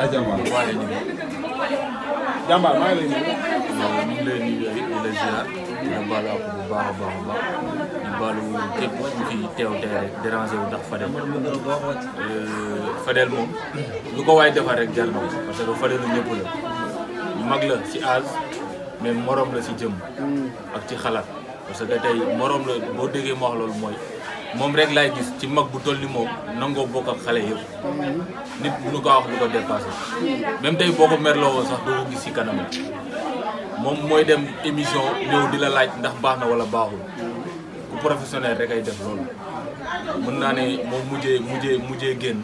ah jàmbaar jàmbaar maa ngi lay nuyu. ñu ngi lay la ziar di la baalu bu baax a baax a baax di baalu képp ñu fi teew rek déranger wu ndax Fadel. moom. lu ko waay defar rek jàll na parce que Fadel ñëpp la. mag la ci âge mais morom la ci jëm. ak ci xalaat parce que tey morom la boo déggee mu wax loolu mooy. moom rek laay gis ci mag bu toll ni moom nangoo bokk ak xale yëpp nit mënu ko wax lu ko dépassé même tey boo ko merloo sax doo ko gis ci moom mooy dem émission ñëw di la laaj ndax baax na wala baaxul ku professionnel rek ay def loolu mën naa ne moom mujjee mujjee mujjee génn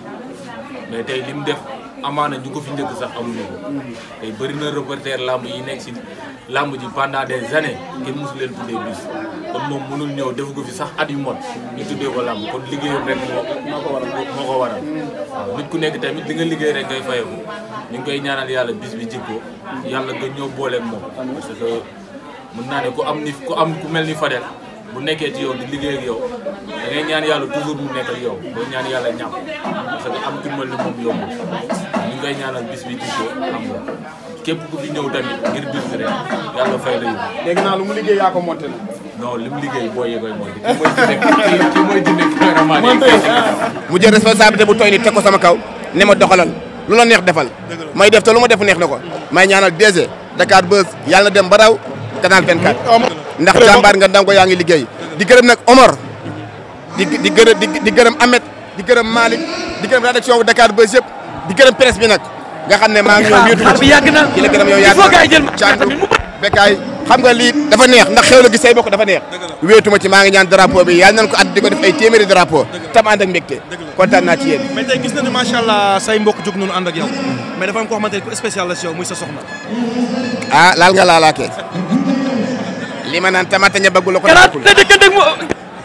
mais tey li def amaana ñu ko fi njëkk sax amuñu ko tey bëri na reporter làmb yi nekk si làmb ji pendant des années kenn mosu leen tuddee bis kon moom mënul ñëw defu ko fi sax at yu mot ñu tuddee ko làmb ko liggéeyam rek moo moo ko waral waaw nit ku nekk tamit li nga liggéey rek ngay fayeku ñu ngi koy ñaanal yàlla bis bi jikkoo yàlla nga ñëw booleeg moom parce que mën naa ne ku am ni ku am ku mel ni Fadel bu nekkee ci yow di liggéey ak yow da ñaan yàlla toujours mu nekk yow doo ñaan yàlla ñàpp parce am turmal ni ko am nga képp ku fi ñëw tamit ngir bis bi fay la yóbbu. lu mu liggéey yaa ko monté li mu liggéey boo yeggee mooy ki mooy ci nekk ki mooy ci nekk mu jël responsabilité bu tooy ni teg ko sama kaw ne ma doxalal lu la neex defal. may def te lu ma def neex na ko. may ñaanal DG Dakar Buzz yàlla na dem ba raw canal 24. ndax jàmbaar nga ndànk yaa ngi liggéey. di gërëm nag Omar. di di gërëm di gërëm Ahmed di gërëm Malick di gërëm rédaction bu Dakar Buzz yëpp di gërëm presse bi nag. nga xam ne maa ngi ñëw yëpp bi yàgg na ci la gërëm yow yàgg na Bécaye xam nga lii dafa neex ndax xew la gis say bokk dafa neex wéetuma ci maa ngi ñaan drapeau bi yàlla nañ ko at di ko def ay téeméeri drapeau tam ànd ak mbégte kontaan naa ci yéen mais tey gis na ne macha allah say mbokk jóg noonu ànd ak yow mais dafa am ko xamante ne ku spécial la si yow muy sa soxna ah laal nga laalaakee li ma naan tamataña a ko. gannaaw te dëkk dëkk moo.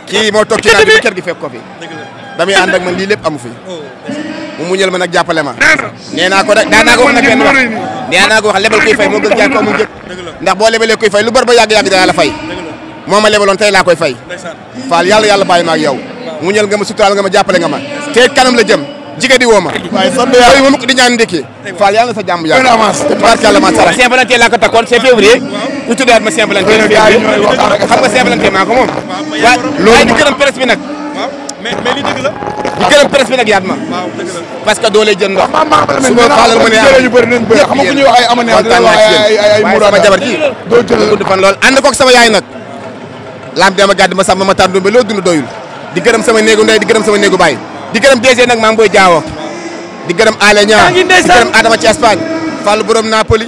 kii moo toog ci naaj bi kër gi fekk ko fi. damay ànd ak man lii lépp amu fi. mu muñal ma nag jàppale ma. nee naa ko rek daa naa wax nag benn wax. ko wax lebal kuy fay moo gën ndax boo lebalee kuy fay lu bor ba yàgg-yàgg daa la fay. moo ma lebaloon tey laa koy fay. faal yàlla yàlla bàyyi ma ak yow. muñal nga ma suturaal nga ma jàppale nga ma. tey kanam la jëm. jigéen di woo ma. waaye sant yàlla loolu moom di ñaan ndékki. faal yàlla sa jàmm yàlla. barke yàlla macha allah. c'est février laa ñu tuddaat ma Saint xam nga Saint Valentin maa ko di gërëm presse bi nag mais mais li di ma parce que doo lay jënd ndox su ma xaalal ma ne yaa ñu bëri xam nga ku ñuy wax ay amane ay ay ay sama jabar ji doo jël gudd fan lool ànd koog sama yaay nag laam dama gàdd ma sàmm ma tàndu ba dund doyul di gërëm sama néegu ndey di gërëm sama néegu baay di gërëm DG nag maa ngi jaawo di gërëm Alé Niang di gërëm Adama ci Espagne Fall borom Napoli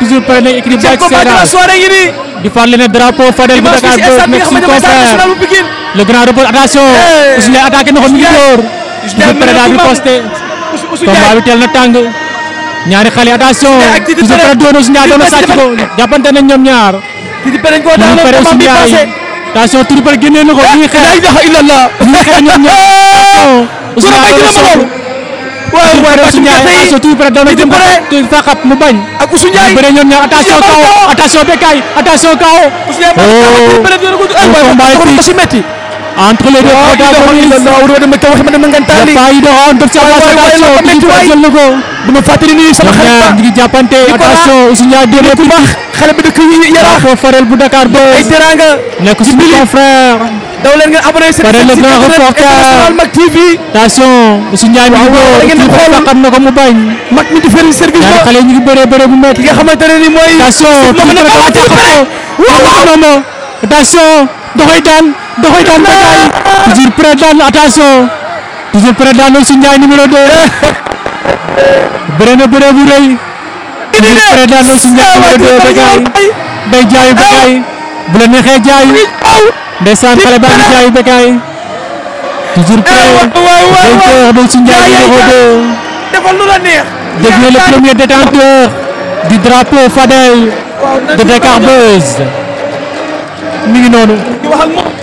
toujours pare nañu écrit bàcc séeréer di farle ne drapeau Fadel bu Dakar boobu nekk suñu confrère le grand ko mi ngi door toujours pare daal di posté combat bi na tàng ñaari xale attention toujours pare doon Ousseyn Ndiaye doon na sàcc ko jàppante nañ ñoom ñaar toujours pare Ousseyn Ndiaye attention toujours pare génnee na ko mi eh, ngi xeex mi ngi xeex ñoom ñaar eh, Ousseyn Ndiaye doon na waaye booy rek su ñaay aso tout près daw na jëm sa xap mu bañ ak Ousou Ndiaye bëre ñoom ñaar attention kaw attention bekkaay attention kaw Ousou Ndiaye oh. entre les deux protagonistes dama fàttali ni sama xarit ngi jàppante attention Ousou Ndiaye dé ku baax xale bi dëkk yaraax farel bu Dakar bo ay teranga nekk suñu frère daw leen ngeen abonné seen Sénégal Mak TV attention su Ndiaye mi ngi xool xam na ko mu bañ mag mi di fëri service ba xale ñu ngi bëree bëree bu métti nga xamante ne ni mooy attention non non attention doxoy daan doxoy daan ba daay toujours prêt daan attention toujours prêt daan su Ndiaye numéro 2 bëree na bëree bu rëy toujours prêt daan su Ndiaye numéro 2 ba gaay day jaay ba gaay bu la neexee jaay ndeysaan xale baa ngi jaayu Bécaye toujours vainqueur eh, Bécaye Ndiaye numéro 2 defal lu le premier détenteur du drapeau Fadel de Dakar Buzz mi ngi noonu